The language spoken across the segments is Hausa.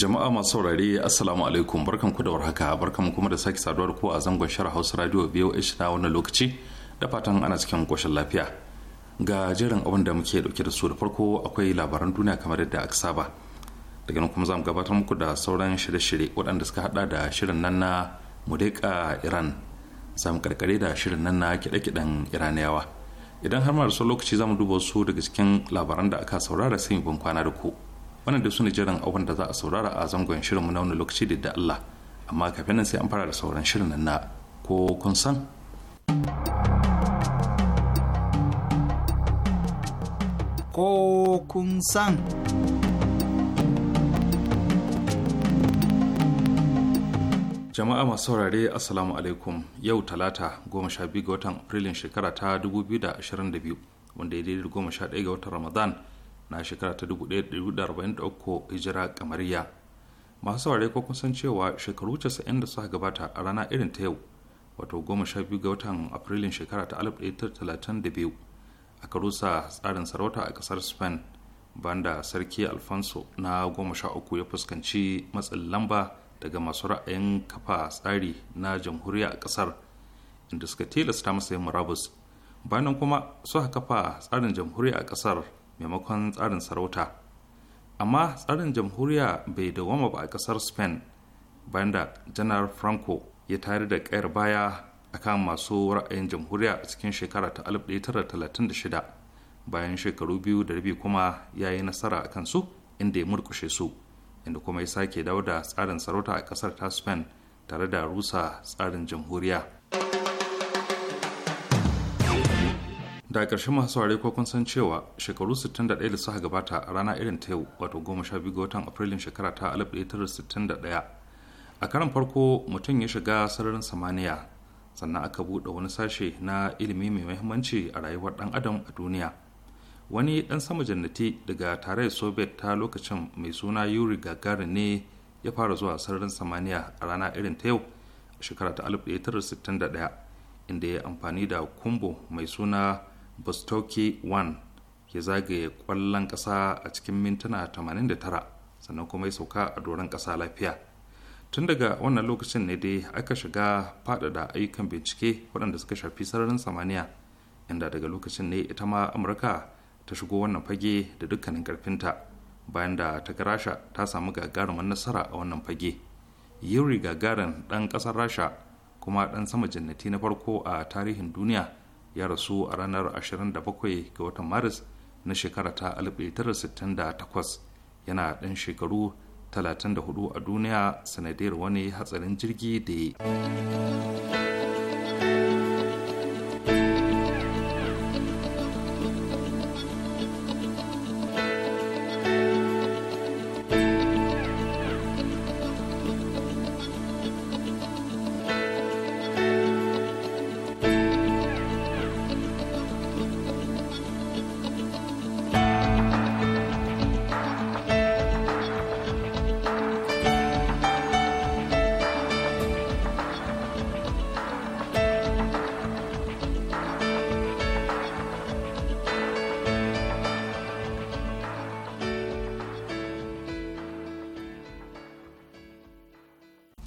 jama'a masu saurare assalamu alaikum barkan ku da warhaka barkan kuma da sake saduwa da ku a zangon shara hausa radio voh na wannan lokaci da fatan ana cikin koshin lafiya ga jerin abin da muke dauke da su da farko akwai labaran duniya kamar yadda aka saba daga nan kuma za gabatar muku da sauran shirye-shirye waɗanda suka hada da shirin nan na mudeka iran za karkare da shirin nan na kiɗe-kiɗen iraniyawa idan har ma da lokaci zamu mu duba su daga cikin labaran da aka saurara sai mu bin kwana da ku wannan da su ne jiran abin da za a saurara a zangon shirinmu na wani lokaci da da Allah amma kafin nan sai an fara da sauran shirin nan na ko kun san ko kun san jama'a masu saurare assalamu alaikum yau talata goma sha biyu ga watan afrilin shekara ta 2022 wanda ya daidai goma sha ɗaya ga watan ramadan na shekara ta 1443 hijira kamariya masu saurare ko kun san cewa shekaru 90 da suka gabata a rana irin ta yau wato 12 ga watan afrilun shekara ta 1932 aka rusa tsarin sarauta a kasar spain banda sarki alfonso na 13 ya fuskanci matsin lamba daga masu ra'ayin kafa tsari na jamhuriya a kasar inda suka tilasta masa yin murabus bayan kuma suka kafa tsarin jamhuriya a kasar maimakon tsarin sarauta amma tsarin jamhuriya bai dawama ba a kasar spain bayan da janar franco ya tare da kayar baya akan masu ra'ayin jamhuriya a cikin shekara ta 1936 bayan shekaru biyu da rabi kuma ya yi nasara a kansu inda ya murkushe su inda kuma ya sake dawo da tsarin sarauta a kasar ta spain tare da rusa tsarin jamhuriya da ƙarshen masu saurare ko kun san cewa shekaru 61 da suka gabata a rana irin ta yau wato 12 ga watan afrilun shekara ta 1961 a karan farko mutum ya shiga sararin samaniya sannan aka buɗe wani sashe na ilimi mai muhimmanci a rayuwar ɗan adam a duniya wani ɗan sama jannati daga tarayyar soviet ta lokacin mai suna yuri gagarin ne ya fara zuwa sararin samaniya a rana irin ta yau shekara ta 1961 inda ya amfani da kumbo mai suna bostoki 1 ya zagaye kwallon ƙasa a cikin mintuna 89 sannan kuma ya sauka a doron ƙasa lafiya tun daga wannan lokacin ne dai aka shiga faɗaɗa ayyukan bincike waɗanda suka shafi sararin samaniya inda daga lokacin ne ita ma amurka ta shigo wannan fage da dukkanin ƙarfinta bayan da ta ga rasha ta samu gagarumin nasara a wannan fage yuri gagarin ɗan ƙasar rasha kuma ɗan sama jannati na farko a tarihin duniya ya rasu a ranar 27 ga watan maris na shekara ta 1968 yana ɗan shekaru 34 a duniya sanadiyar wani hatsarin jirgi da ya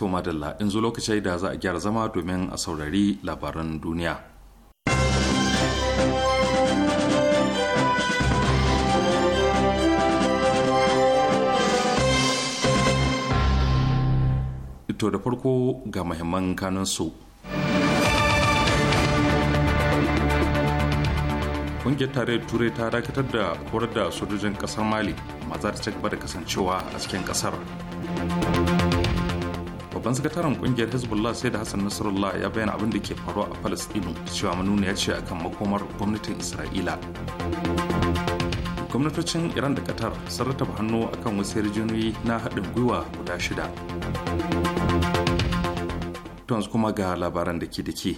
To madalla in zo lokacin da za a gyara zama domin a saurari labaran duniya. Ito da farko ga muhimman kanunsu. Ƙungiyar tarayyar Turai ta dakatar da horar da sojojin ƙasar Mali, amma za ta ci gaba da kasancewa a cikin ƙasar. babban sakataren kungiyar hezbollah sai da hassan nasarallah ya bayyana abin da ke faruwa a palestinu cewa manuna ya ce akan makomar gwamnatin isra'ila gwamnatocin iran da qatar sun rataba hannu akan wasu yarjejeniyoyi na haɗin gwiwa guda shida tons kuma ga labaran da ke da ke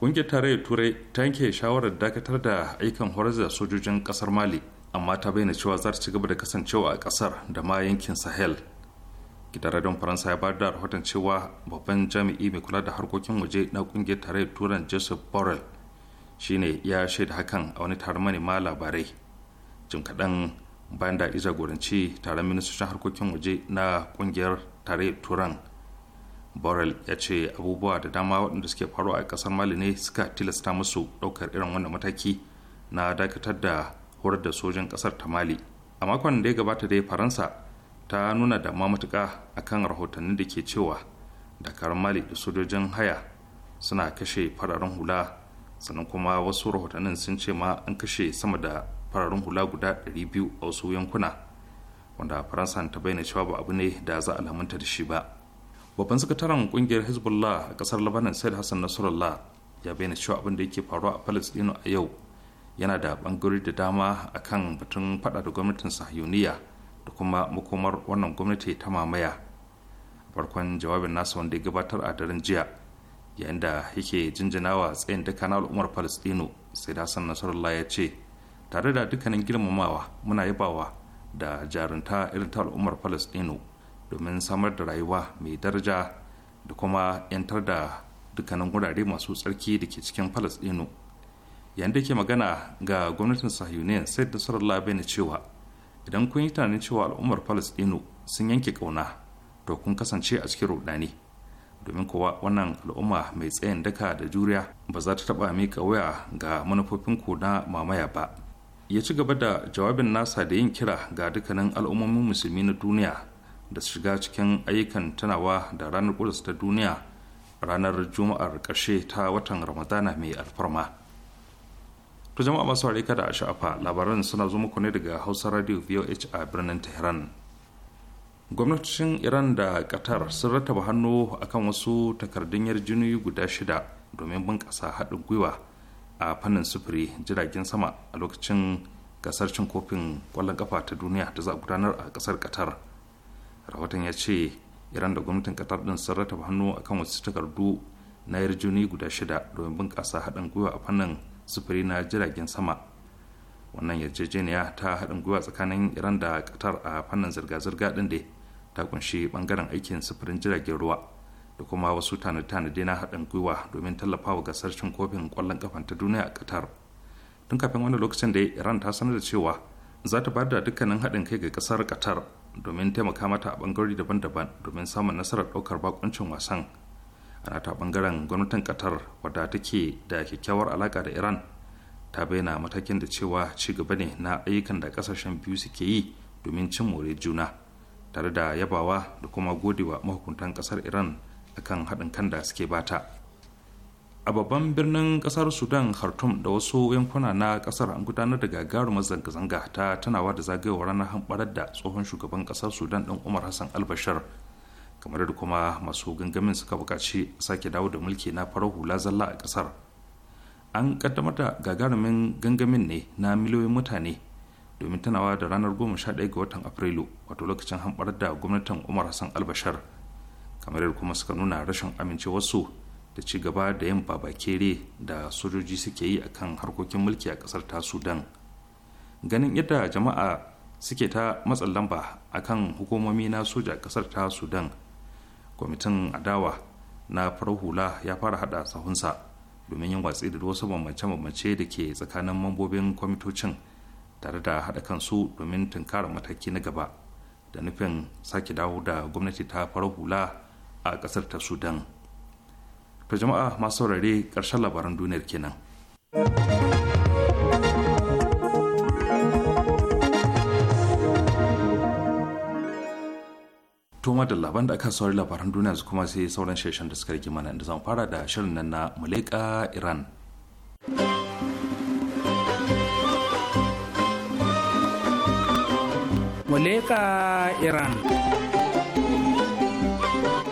kungiyar tarayyar turai ta yanke shawarar dakatar da aikan horar da sojojin ƙasar mali amma ta bayyana cewa za ta ci gaba da kasancewa a ƙasar da ma yankin sahel gidan radion faransa ya bayar da rahoton cewa babban jami'i mai kula da harkokin waje na kungiyar tarayyar turan joseph borrell shine ya shaida hakan a wani taron manema labarai jim kaɗan bayan da jagoranci taron ministocin harkokin waje na kungiyar tarayyar turan borrell ya ce abubuwa da dama waɗanda suke faruwa a ƙasar mali ne suka tilasta musu ɗaukar irin wannan mataki na dakatar da horar da sojin ƙasar ta mali a makon da ya gabata dai faransa ta nuna da ma matuka kan rahotannin da ke cewa da mali da sojojin haya suna kashe fararen hula sannan kuma wasu rahotannin sun ce ma an kashe sama da fararen hula guda 200 a wasu yankuna wanda faransa ta bayyana cewa ba abu ne da za a lamunta da shi ba babban sakataren kungiyar hezbollah a kasar labanan said hassan nasarallah ya bayyana cewa abin da yake faruwa a palestino a yau yana da bangarori da dama akan batun fada da gwamnatin sahiyoniya da kuma makomar wannan gwamnati ta mamaya farkon jawabin nasa wanda ya gabatar a daren jiya yayin da yake jinjinawa tsayin duka na al'ummar palestino sai da hassan nasarallah ya ce tare da dukkanin girmamawa muna yabawa da jarunta irin ta al'ummar palestino domin samar da rayuwa mai daraja da kuma 'yantar da dukkanin wurare masu tsarki da ke cikin palestino yayin da ke magana ga gwamnatin sahiyuniyan sai da sarrafa cewa idan kun yi tunanin cewa al'ummar palestino sun yanke kauna to kun kasance a cikin rudani domin kowa wannan al'umma mai tsayin daka da juriya ba za ta taba mika waya ga manufofinku na mamaya ba ya ci gaba da jawabin nasa da yin kira ga dukkanin al'ummomin musulmi na duniya da su shiga cikin ayyukan tunawa da ranar kudus ta duniya ranar juma'ar ƙarshe ta watan ramadana mai alfarma to jama'a masu haure da a sha'afa labaran suna zo muku ne daga hausa radio voh a birnin tehran gwamnatocin iran da qatar sun rattaba hannu akan wasu takardun yarjiniyoyi guda shida domin bunƙasa haɗin gwiwa a fannin sufuri jiragen sama a lokacin gasar cin kofin ƙwallon kafa ta duniya da za a gudanar a ƙasar qatar rahoton ya ce iran da gwamnatin qatar din sun rataba hannu akan wasu takardu na yarjiniyoyi guda shida domin bunƙasa haɗin gwiwa a fannin sufuri na jiragen sama wannan yarjejeniya ta haɗin gwiwa tsakanin iran da qatar a fannin zirga-zirga ɗin da ta kunshi ɓangaren aikin sufurin jiragen ruwa da kuma wasu tanade na haɗin gwiwa domin tallafawa ga cin kofin ƙwallon ƙafan ta duniya a qatar tun kafin wani lokacin da iran ta sanar da cewa za ta bada dukkanin haɗin kai ga ƙasar qatar domin taimaka mata a ɓangarori daban-daban domin samun nasarar ɗaukar bakuncin wasan ana ta bangaren gwamnatin qatar wadda take da kyakkyawar alaka da iran ta bayyana matakin da cewa ci gaba ne na ayyukan da kasashen biyu suke yi domin cin more juna tare da yabawa da kuma godewa mahukuntan kasar iran akan haɗin kan da suke bata a babban birnin kasar sudan khartoum da wasu yankuna na kasar an gudanar da gagarumar zanga-zanga ta tunawa da zagayowar ranar hamɓarar da tsohon shugaban kasar sudan ɗin umar hassan albashar. kamar da kuma masu gangamin suka buƙaci sake dawo da mulki na farar hula zalla a ƙasar an kaddamar da gagarumin gangamin ne na miliyoyin mutane domin tunawa da ranar 11 ga watan afrilu wato lokacin hamɓar da gwamnatin umar hassan albashar kamar da kuma suka nuna rashin amincewarsu da ci gaba da yin babakere da sojoji suke yi akan harkokin mulki a ƙasar ta sudan ganin yadda jama'a suke ta matsa lamba akan hukumomi na soja a ƙasar ta sudan kwamitin adawa na farar hula ya fara hada sahunsa domin yin watsi da wasu bambance-bambance da ke tsakanin mambobin kwamitocin tare da hada kansu domin tunkarar mataki na gaba da nufin sake dawo da gwamnati ta farar hula a kasar ta sudan to jama'a masu saurare ƙarshen labaran duniyar kenan. toma da labaran da aka saurari labaran duniya su kuma sai sauran shirin da suka rage mana inda zan fara da shirin nan na muleka iran muleka iran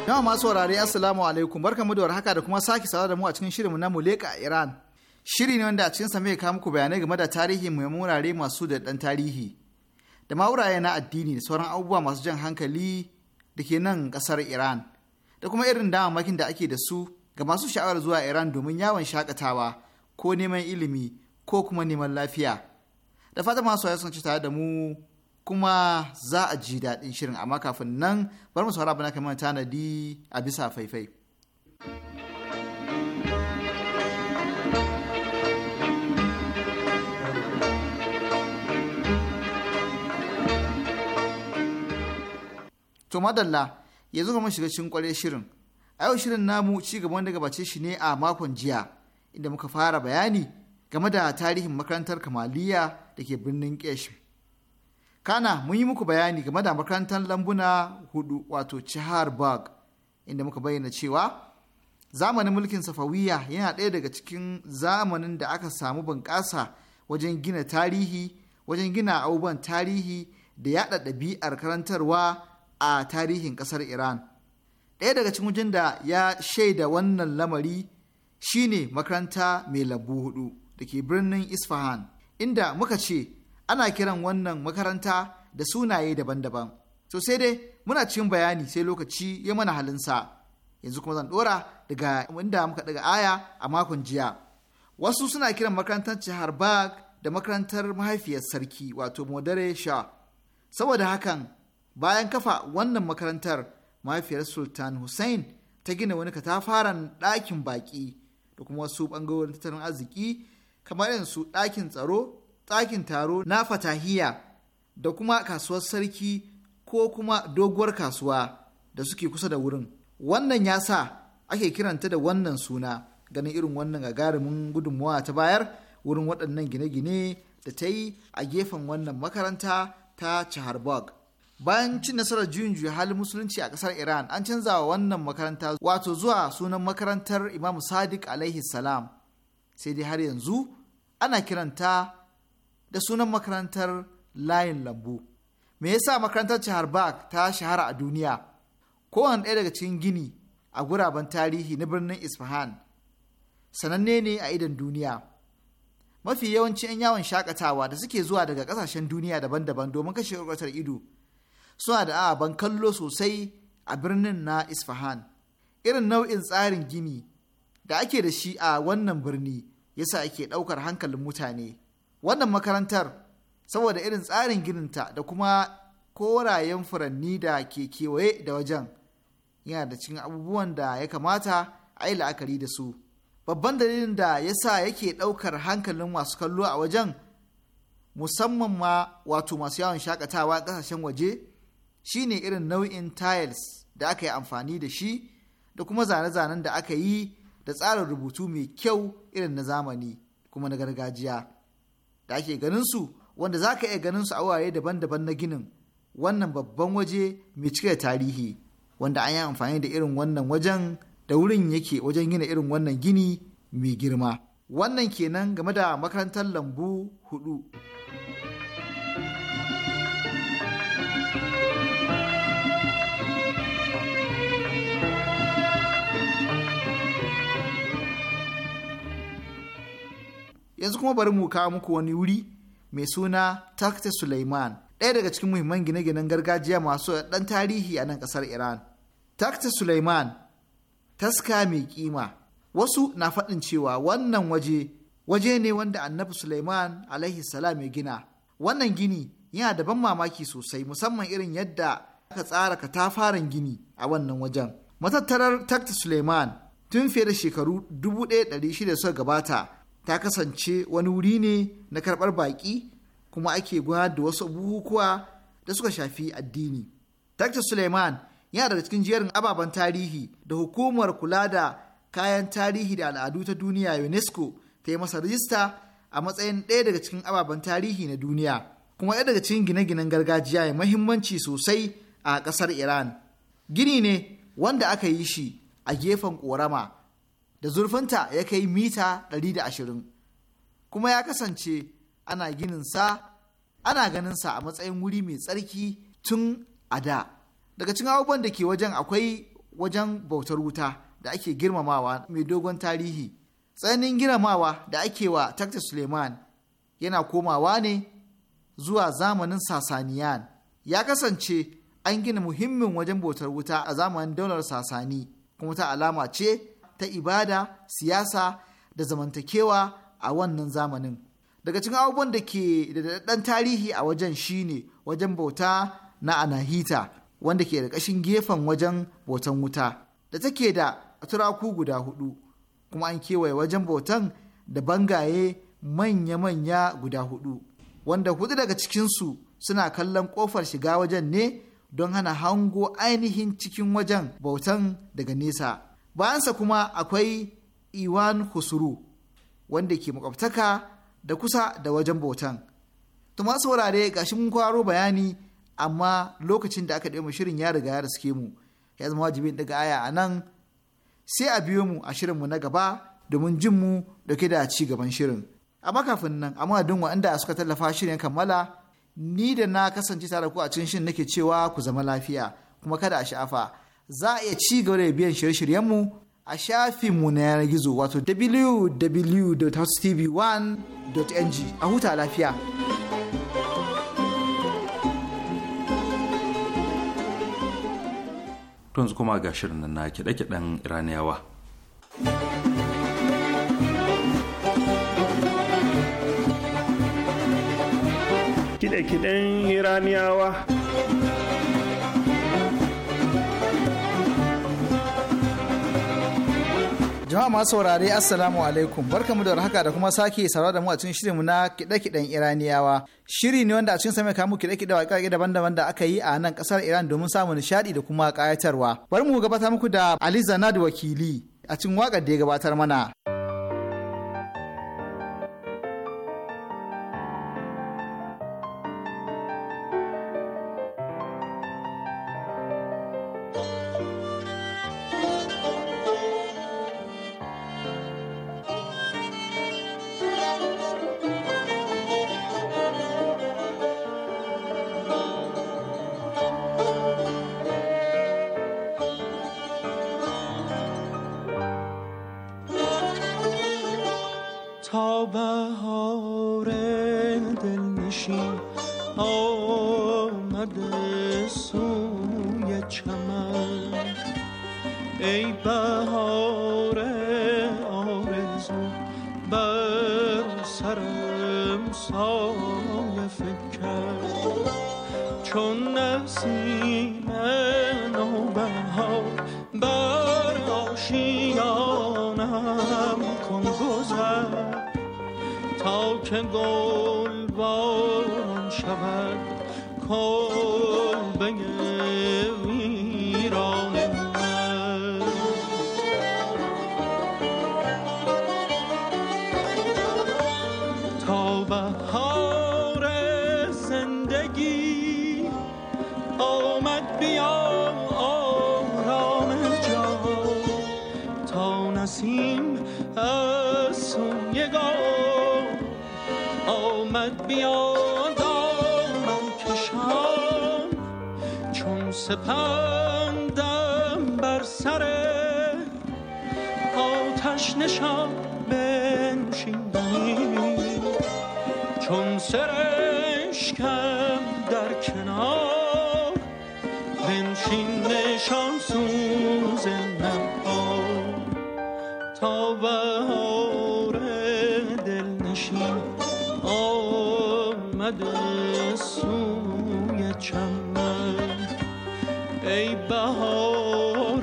yawa masu wurare assalamu alaikum barkamu da warhaka da kuma sake sawa da mu a cikin shirinmu na muleka iran shiri ne wanda a cikin mai kawo muku bayanai game da tarihi mai wurare masu da dan tarihi da ma na addini da sauran abubuwa masu jan hankali da ke nan kasar Iran da kuma irin damamakin da ake da su ga masu sha'awar zuwa Iran domin yawon shakatawa ko neman ilimi ko kuma neman lafiya. Da fata masu ya sun tare da mu kuma za a ji daɗin shirin amma kafin nan bar mu saura bana kamar tanadi a bisa faifai. to madalla yanzu kuma shiga cikin kwarai shirin a yau shirin namu ci gaban wanda gabace shi ne a makon jiya inda muka fara bayani game da tarihin makarantar kamaliya da ke birnin kesh kana mun yi muku bayani game da makarantar lambuna hudu wato Bag, inda muka bayyana cewa zamanin mulkin safawiya yana ɗaya daga cikin zamanin da aka samu bunƙasa wajen gina tarihi wajen gina abubuwan tarihi da yaɗa ɗabi'ar karantarwa a tarihin ƙasar Iran. Ɗaya daga cikin wajen da ya shaida wannan lamari shine makaranta mai labu hudu da ke birnin Isfahan, inda muka ce ana kiran wannan makaranta da sunaye daban-daban. Sosai dai muna cikin bayani sai lokaci ya mana halinsa. Yanzu kuma zan ɗora daga inda muka daga aya a makon jiya. Wasu suna kiran makarantar Chaharbagh da makarantar mahaifiyar sarki wato Modere Shah. Saboda hakan bayan kafa wannan makarantar mahaifiyar sultan hussein ta gina wani katafaren ɗakin baƙi da kuma wasu ɓangarorin tattalin arziki kamar yanzu su ɗakin tsaro ɗakin taro na fatahiya da kuma kasuwar sarki ko kuma doguwar kasuwa da suke kusa da wurin wannan ya sa ake kiranta da wannan suna ganin irin wannan gagarumin gudunmawa ta bayar wurin waɗannan gine-gine da ta yi a gefen wannan makaranta ta chaharbog bayan cin nasarar juyin juya halin musulunci a kasar iran an canza wa wannan makaranta wato zuwa sunan makarantar imam sadiq alaihi salam sai dai har yanzu ana kiranta da sunan makarantar layin lambu me yasa makarantar chaharbak ta shahara a duniya kowane ɗaya daga cikin gini a guraben tarihi na birnin isfahan sananne ne a idon duniya mafi yawancin 'yan yawon shakatawa da suke zuwa daga ƙasashen duniya daban-daban domin kashe ƙwaƙwatar ido suna da ababen kallo sosai a birnin na Isfahan. Irin nau'in tsarin gini da ake da shi a wannan birni yasa ake ɗaukar hankalin mutane. Wannan makarantar saboda irin tsarin gininta da kuma korayen furanni da ke kewaye da wajen yana da cikin abubuwan da ya kamata a yi la'akari da su. Babban dalilin da ya sa yake ɗaukar hankalin masu kallo a wajen musamman ma wato masu yawon shakatawa ƙasashen waje Shi ne irin nau'in tiles da aka yi amfani da shi da kuma zane-zanen da aka yi da tsarin rubutu mai kyau irin na zamani kuma na gargajiya da ake ganin su wanda za ka iya ganin su a wurare daban-daban na ginin wannan babban waje mai cike da tarihi wanda an yi amfani da irin wannan wajen da wurin yake wajen gina irin wannan gini mai girma wannan kenan game da makarantar lambu hudu. yanzu kuma bari mu kawo muku wani wuri mai suna takta suleiman ɗaya daga cikin muhimman gine-ginen gargajiya masu ɗan tarihi a nan ƙasar iran takta suleiman taska mai kima wasu na faɗin cewa wannan waje waje ne wanda annabi suleiman alaihi salam ya gina wannan gini yana da ban mamaki sosai musamman irin yadda aka tsara katafaren gini a wannan wajen matattarar takta suleiman tun fiye da shekaru 1600 suka gabata ta kasance wani wuri ne na karɓar baƙi kuma ake gudanar da wasu bukukuwa da suka shafi addini. Dr. Suleiman yana daga cikin jerin ababen tarihi da hukumar kula da kayan tarihi da al'adu ta duniya UNESCO ta yi masa rajista a matsayin ɗaya daga cikin ababen tarihi na duniya kuma ɗaya daga cikin gine-ginen gargajiya mai mahimmanci sosai a ƙasar Iran. Gini ne wanda aka yi shi a gefen ƙorama da zurfinta ya kai mita 120 kuma ya kasance ana gininsa ana ganinsa a matsayin wuri mai tsarki tun a da daga cikin abubuwan da ke wajen akwai wajen bautar wuta da ake girmamawa mai dogon tarihi tsananin girmamawa da ake wa takta suleiman yana komawa ne zuwa zamanin sasaniyan ya kasance an gina muhimmin wajen bautar wuta a zamanin daular sasani kuma ta alama ce ta ibada siyasa da zamantakewa a wannan zamanin daga cikin abubuwan da ke da daɗaɗɗen tarihi a wajen shine wajen bauta na anahita wanda ke da ƙashin gefen wajen bautan wuta da take da turaku guda hudu kuma an kewaye wajen bautan da bangaye manya-manya guda hudu wanda hudu daga cikinsu suna kallon ƙofar shiga wajen ne don hana hango ainihin cikin wajen bautan daga nesa bayansa kuma akwai iwan husuru wanda ke makwabtaka da kusa da wajen bautan to masu wurare gashi mun kwaro bayani amma lokacin da aka ɗaya shirin ya riga ya riske mu ya zama wajibin daga aya a nan sai a biyo mu a shirin mu na gaba domin jin mu da ke da ci gaban shirin amma kafin nan amma duk wanda suka tallafa shirin kammala ni da na kasance tare ku a cikin shirin nake cewa ku zama lafiya kuma kada a sha'afa za a iya ci gaba da biyan shirye-shiryenmu a shafinmu na yanar gizo wato www.tv1.ng a huta lafiya. yanzu kuma ga shirin nan na kiɗe-kiɗen iraniyawa kiɗe-kiɗen iraniyawa Jama'a masu saurare Assalamu alaikum barkamu da haka da kuma sake saurara da mu a cikin shirinmu na kiɗe-kiɗen Iraniyawa. Shiri ne wanda a cikin mai kamu kiɗe-kiɗe wa ƙaƙe daban-daban da aka yi a nan kasar Iran domin samun nishaɗi da kuma kayatarwa Bari mu gabatar muku da Ali Zanad Wakili a cikin waƙar da ya gabatar mana. تا که گل باران شود کل بگه سپندم بر سر آتش نشان بنشینی چون سرشکم در کنار بنشین نشان سوز تا بهار دل نشین آمده سوی چم ای بهار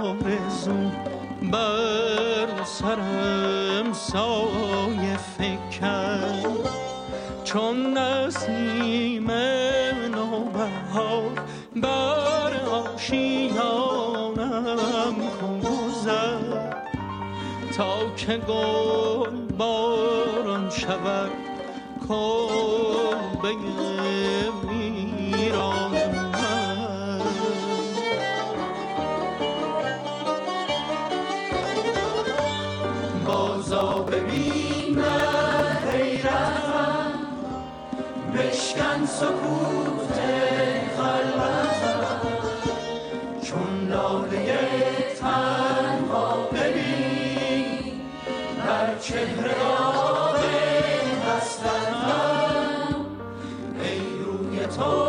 آرزو بر سرم سایه فکر چون نسیم نوبهار بر آشیانم خوزد تا که گل بارون شود کل ویران سکوت خلوتم چون لاله تنها ببین بر چهره آب هستم ای روی تو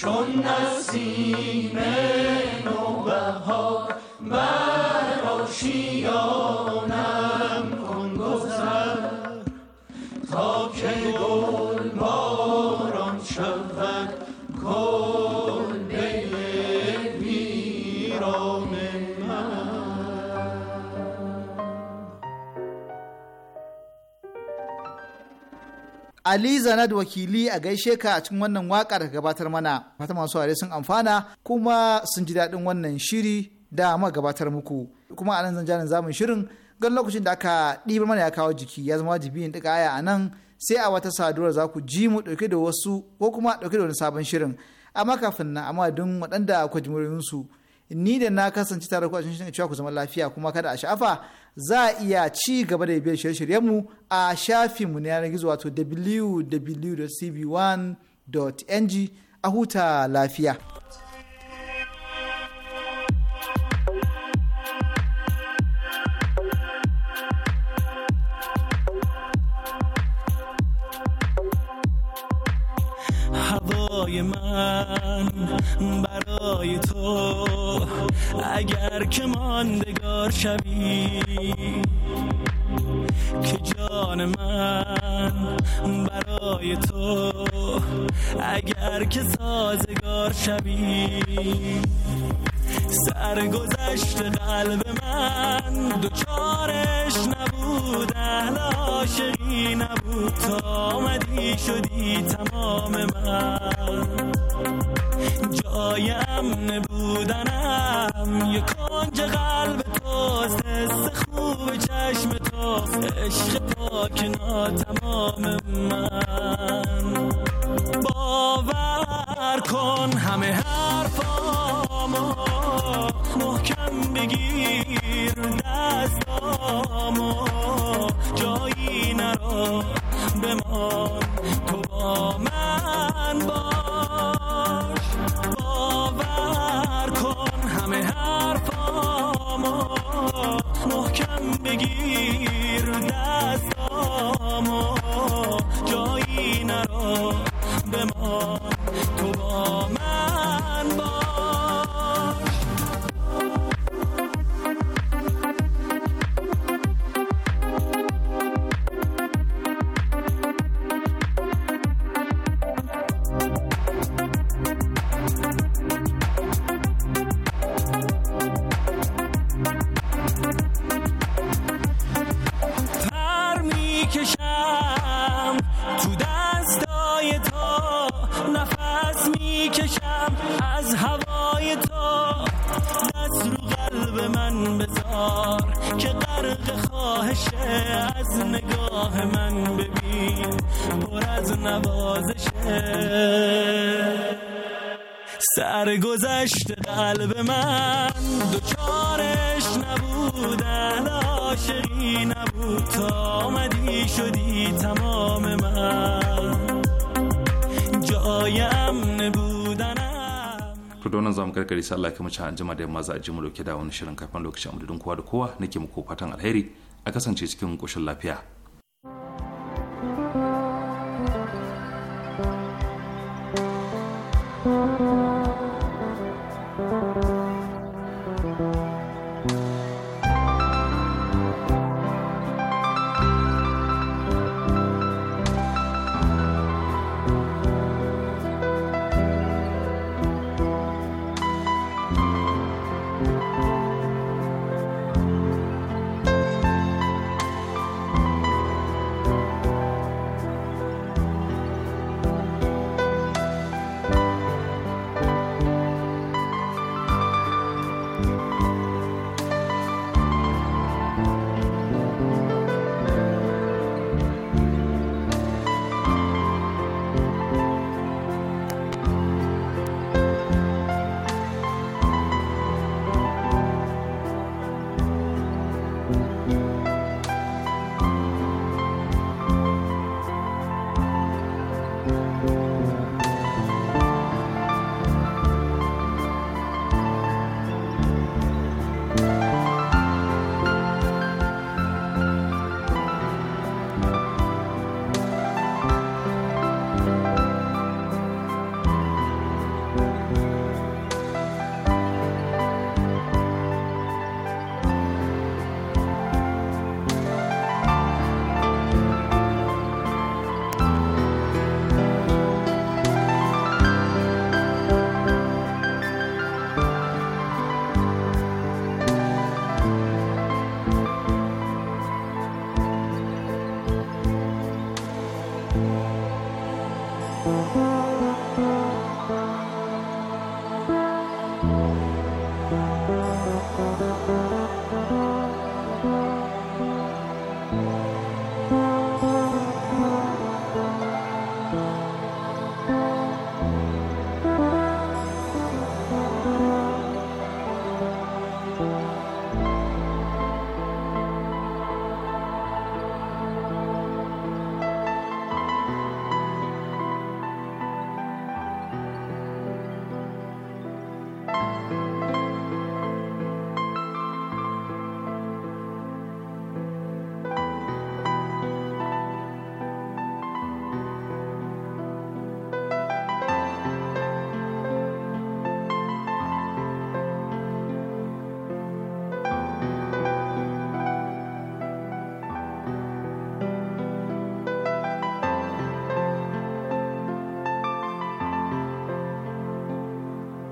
چون نسیم نوبهار بر آشیانه Ali Zanad wakili a gaishe ka a cikin wannan waka da gabatar mana. Fata masu aure sun amfana kuma sun ji daɗin wannan shiri da ma gabatar muku. Kuma a nan zan jani zamun shirin gan lokacin da aka ɗiba mana ya kawo jiki ya zama wajibi in ɗiga aya a nan sai a wata saduwar za ku ji mu ɗauke da wasu ko kuma ɗauke da wani sabon shirin. Amma kafin nan amma dun waɗanda ku jimurinsu ni da na kasance tare ku a cikin cewa ku zama lafiya kuma kada a sha'afa za a iya ci gaba da biyar shirye-shiryenmu a shafinmu na yanar gizo wato www.cb1.ng a huta lafiya. من برای تو اگر که مانده بیدار شوی که جان من برای تو اگر که سازگار شوی سرگذشت قلب من دوچارش نبود اهل عاشقی نبود تا آمدی شدی تمام من جایم نبودنم بودنم یک کنج قلب schritt karkare sallah Allah ci jima da yamma za a ji mu dauke da wani shirin kafin lokacin amudin kowa da kowa nake muku fatan alheri a kasance cikin koshin lafiya thank you